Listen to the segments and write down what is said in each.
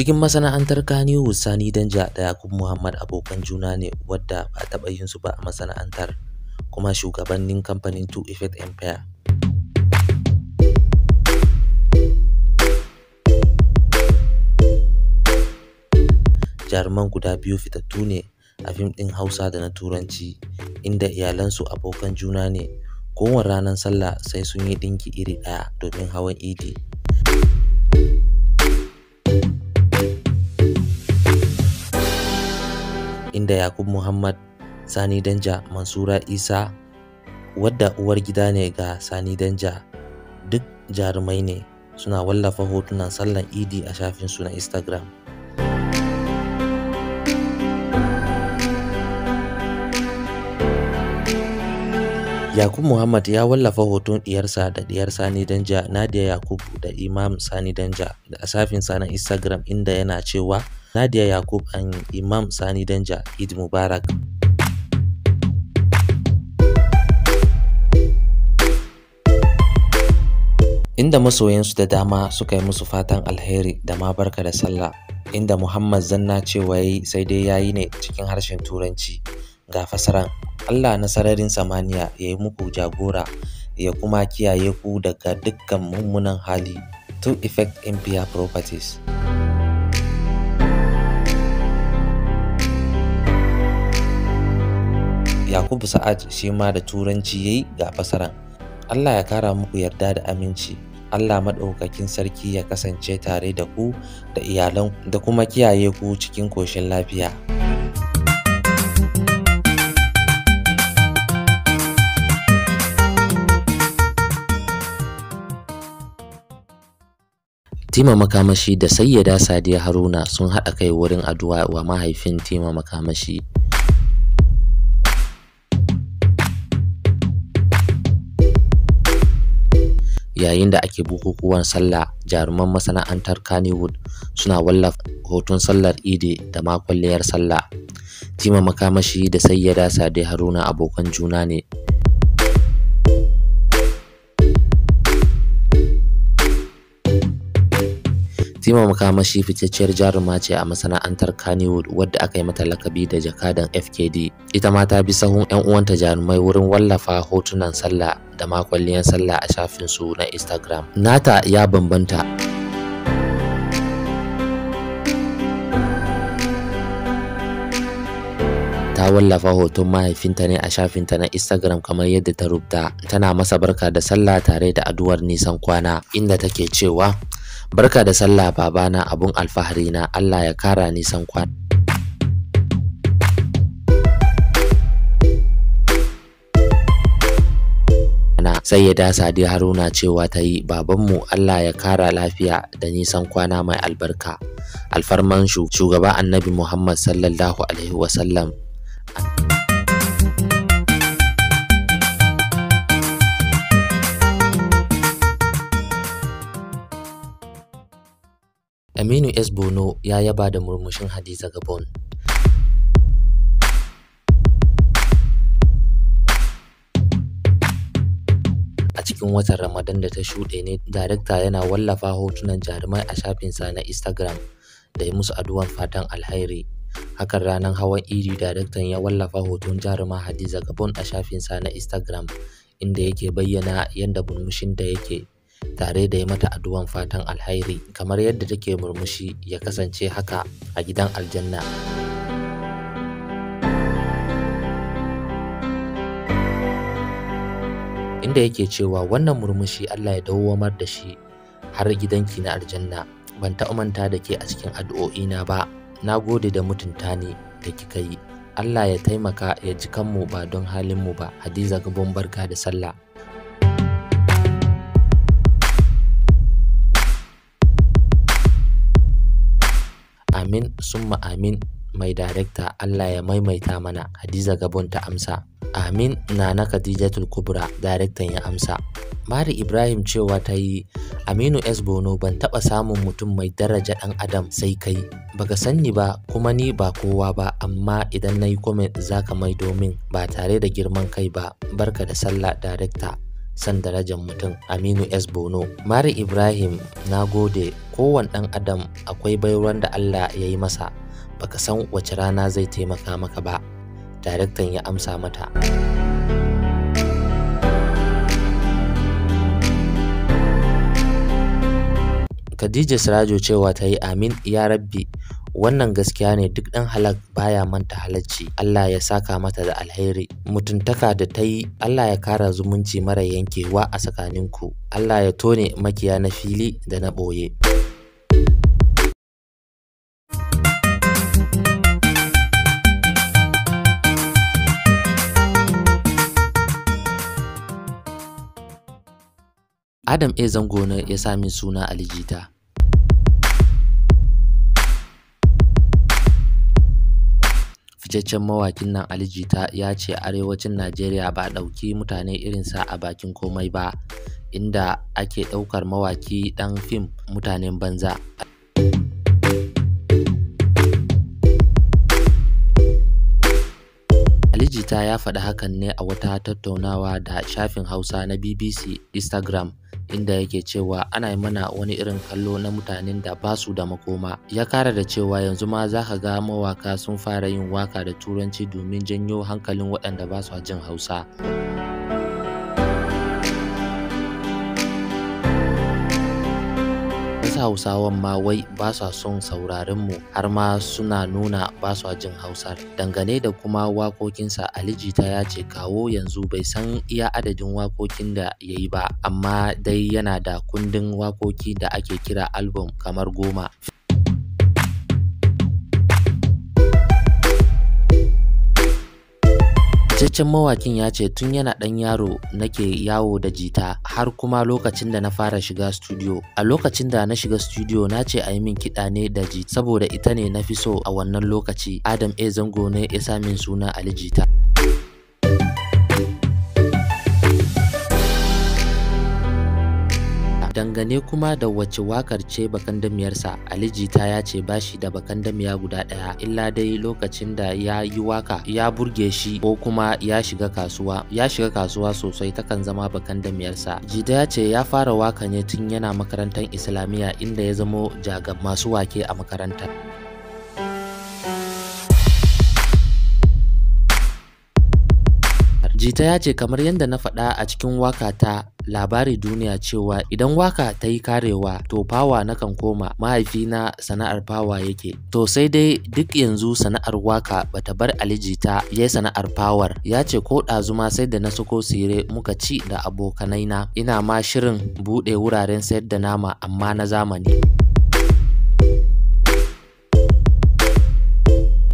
cikin masana'antar Kannywood Sani Danja da Yakub Muhammad abokan juna ne wadda ba taɓa yin su ba a masana'antar kuma shugabannin kamfanin 2 Effect Empire. Jaruman guda biyu fitattu ne a fim ɗin Hausa da na Turanci inda iyalansu abokan juna ne kowane ranar sallah sai sun yi ɗinki iri ɗaya domin hawan idi. da yakub muhammad sani danja mansura isa wadda uwar gida ne ga sani danja duk jarumai ne suna wallafa hotunan sallan idi a su na instagram yakub muhammad ya wallafa hoton diyarsa da diyar sani danja nadia yakub da imam sani danja da shafinsa na instagram inda yana cewa Nadiya Yakub and Imam Sani Danja, Eid Mubarak. Inda masoyansu da dama suka yi musu fatan alheri da ma barka da sallah, inda Muhammad Zanna cewa yi sai dai ya yi ne cikin harshen Turanci ga fasaran. Allah na sararin samaniya ya yi muku jagora ya kuma kiyaye ku daga dukkan mummunan hali to effect impia properties. Yakubu Sa'ad shi ma da Turanci ya yi ga fasaran. Allah ya kara muku yarda da aminci. Allah maɗaukakin sarki ya kasance tare da ku da iyalan da kuma kiyaye ku cikin koshin lafiya. Tima Makamashi da Sayyada Sadiya Haruna sun haɗa kai wurin addu'a wa mahaifin Tima Makamashi. yayin da ake bukukuwan sallah jaruman masana'antar kannywood suna wallafa hoton sallar idi da makwalliyar sallah tima makamashi da sayyada sade haruna abokan juna ne Sima makamashi fitacciyar jaruma ce a masana'antar Kannywood wadda aka yi mata lakabi da jakadan FKD. Ita ma ta bi sahun 'yan uwanta jarumai wurin wallafa hotunan sallah da makwalliyan sallah a shafinsu na Instagram. Nata ya bambanta. ta wallafa hoton mahaifinta ne a shafinta na Instagram kamar yadda ta rubuta tana masa barka da sallah tare da addu'ar nisan kwana inda take cewa barka da sallah babana abun alfahari na Allah ya kara nisan kwana sai ya dasa dai haruna cewa ta yi babanmu Allah ya kara lafiya da nisan kwana mai albarka alfarman shugaba annabi muhammad sallallahu alaihi wasallam Aminu S. Bono ya yaba da murmushin Hadiza Gabon. A cikin watan Ramadan da ta shuɗe ne, darakta yana wallafa hotunan jarumai a shafinsa na Instagram da ya musu aduwan fatan alhairi. Hakan ranar hawan iri daraktan ya wallafa hoton jaruma Hadiza Gabon a shafinsa na Instagram inda yake bayyana yadda murmushin da yake. tare da ya mata addu'an fatan alhairi kamar yadda take murmushi ya kasance haka a gidan aljanna. inda yake cewa wannan murmushi Allah ya dawo mar da shi har gidanki na aljanna ban taɓa manta da ke a cikin addu'o'ina ba na gode da mutunta ni da kika yi Allah ya taimaka ya ji kanmu ba don halinmu ba Hadiza Gabon barka da sallah amin summa amin mai darekta Allah ya maimaita mana Hadiza Gabon ta amsa. Amin na na Khadijatul Kubra darektan ya amsa. Mari Ibrahim cewa ta yi Aminu S. Bono ban taɓa samun mutum mai daraja ɗan adam sai kai. Baka sanni ba kuma ni ba kowa ba amma idan na yi komen za ka mai domin ba tare da girman kai ba. Barka da sallah darekta. san darajar mutum aminu s bono mari ibrahim na gode kowane ɗan adam akwai baiwar da allah ya yi masa baka san wace rana zai taimaka maka ba daraktan ya amsa mata khadija sirajo cewa ta yi amin ya rabbi wannan gaskiya ne duk ɗan halak baya manta halacci Allah ya saka mata da alheri mutuntaka da ta yi Allah ya kara zumunci mara yankewa a tsakaninku Allah ya tone makiya na fili da na ɓoye. Adam A. Zangona ya sami suna Alijita. Fitaccen mawakin nan Ali Jita ya ce arewacin Najeriya ba ɗauki mutane irinsa a bakin komai ba, inda ake ɗaukar mawaki ɗan fim mutanen banza. Jita ya faɗi hakan ne a wata tattaunawa da shafin Hausa na BBC Instagram inda yake cewa ana mana wani irin kallo na mutanen da ba su da makoma ya kara da cewa yanzu ma za ka ga mawaka sun fara yin waka da turanci domin janyo hankalin waɗanda ba su jin hausa. hausawan ma wai ba sa son sauraron mu har ma suna nuna ba sa jin hausar dangane da kuma wakokinsa alijita ya ce kawo yanzu bai san iya adadin wakokin da ya yi ba amma dai yana da kundin wakoki da ake kira album kamar goma Fitaccen mawakin ya ce tun yana ɗan yaro nake yawo da jita har kuma lokacin da na fara shiga studio. A lokacin da na shiga studio na ce a yi min kiɗa ne da jita saboda ita ne na fi so a wannan lokaci. Adam A Zango ne ya sa min suna Ali Jita. dangane kuma da wace wakar ce bakan damiyarsa, ali jita ya ce bashi da bakan damiya guda ɗaya illa dai lokacin da ya yi waka ya burge shi ko kuma ya shiga kasuwa ya shiga kasuwa sosai takan zama bakan damiyarsa. jita ya ce ya fara waka ne tun yana makarantar islamiyya inda ya zamo jagab masu wake a makarantar jita ya ce kamar yadda na faɗa a cikin waka ta labari duniya cewa idan waka ta yi karewa to fawa nakan koma mahaifina sana'ar fawa yake to sai dai duk yanzu sana'ar waka bata bar alijita ya sana'ar fawar ya ce ko ɗazuma sai da na sako sire muka ci da abokanai na ina ma shirin buɗe wuraren sayar da nama amma na zamani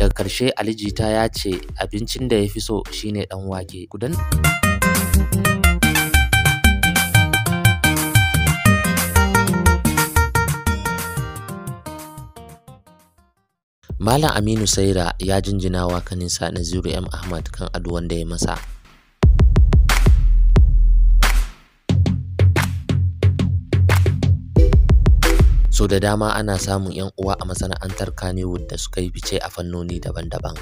daga karshe ali alijita ya ce abincin da ya fi so shine ɗan wake. Kudan? Malam Aminu Saira ya jinjina wa kaninsa Naziru M. Ahmad kan addu'an da ya masa. So da dama ana samun 'yan uwa a masana'antar Kannywood da suka yi fice a fannoni daban-daban.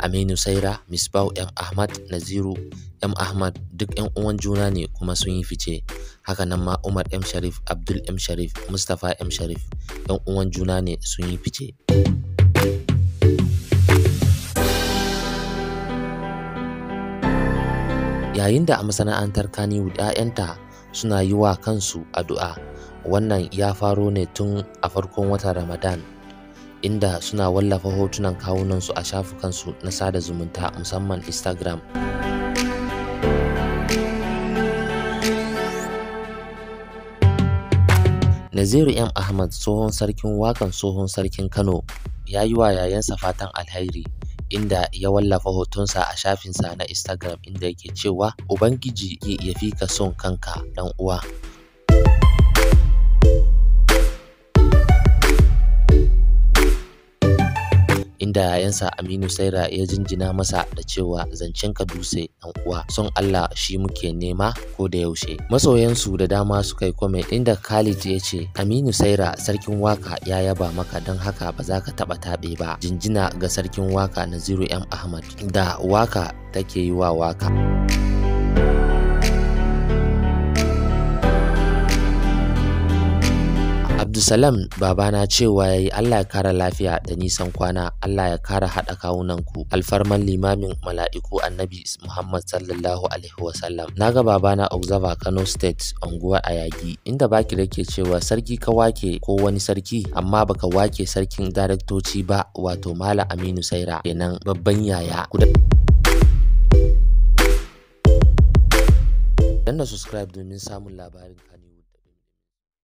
Aminu Saira, Misbau M. Ahmad, Naziru M. Ahmad duk 'yan uwan juna ne kuma sun yi fice. Haka nan ma Umar M. Sharif, Abdul M. Sharif, Mustapha M. Sharif 'yan uwan juna ne sun yi fice. yayin da a masana'antar Kaniwood 'ya'yanta suna yi wa kansu addu'a wannan ya faro ne tun a farkon watan Ramadan inda suna wallafa hotunan kawunansu a shafukansu na sada zumunta musamman Instagram. Naziru M. Ahmad tsohon sarkin wakan tsohon sarkin Kano ya yi wa yayansa fatan alheri inda ya wallafa hotonsa a shafinsa na Instagram inda yake cewa Ubangiji ya fi ka son kanka dan uwa. inda yansa Aminu Saira ya jinjina masa da cewa zancen ka dutse dan uwa son Allah shi muke nema ko da yaushe. Masoyansu da dama suka yi kome inda Khalid ya ce Aminu Saira sarkin waka ya yaba maka dan haka ba za ka taba taɓe ba. Jinjina ga sarkin waka Naziru M Ahmad da waka take yi wa waka. Baba babana cewa yayi Allah ya kara lafiya da nisan kwana, Allah ya kara haɗa kawunanku. Alfarman limamin mala'iku Annabi Muhammad sallallahu alaihi wasallam. Naga babana Ogzaba Kano State unguwar Ayagi inda baki da cewa sarki ka wake ko wani sarki amma baka wake sarkin daraktoci ba wato Malam Aminu Saira kenan babban yaya. Danna subscribe domin samun labarin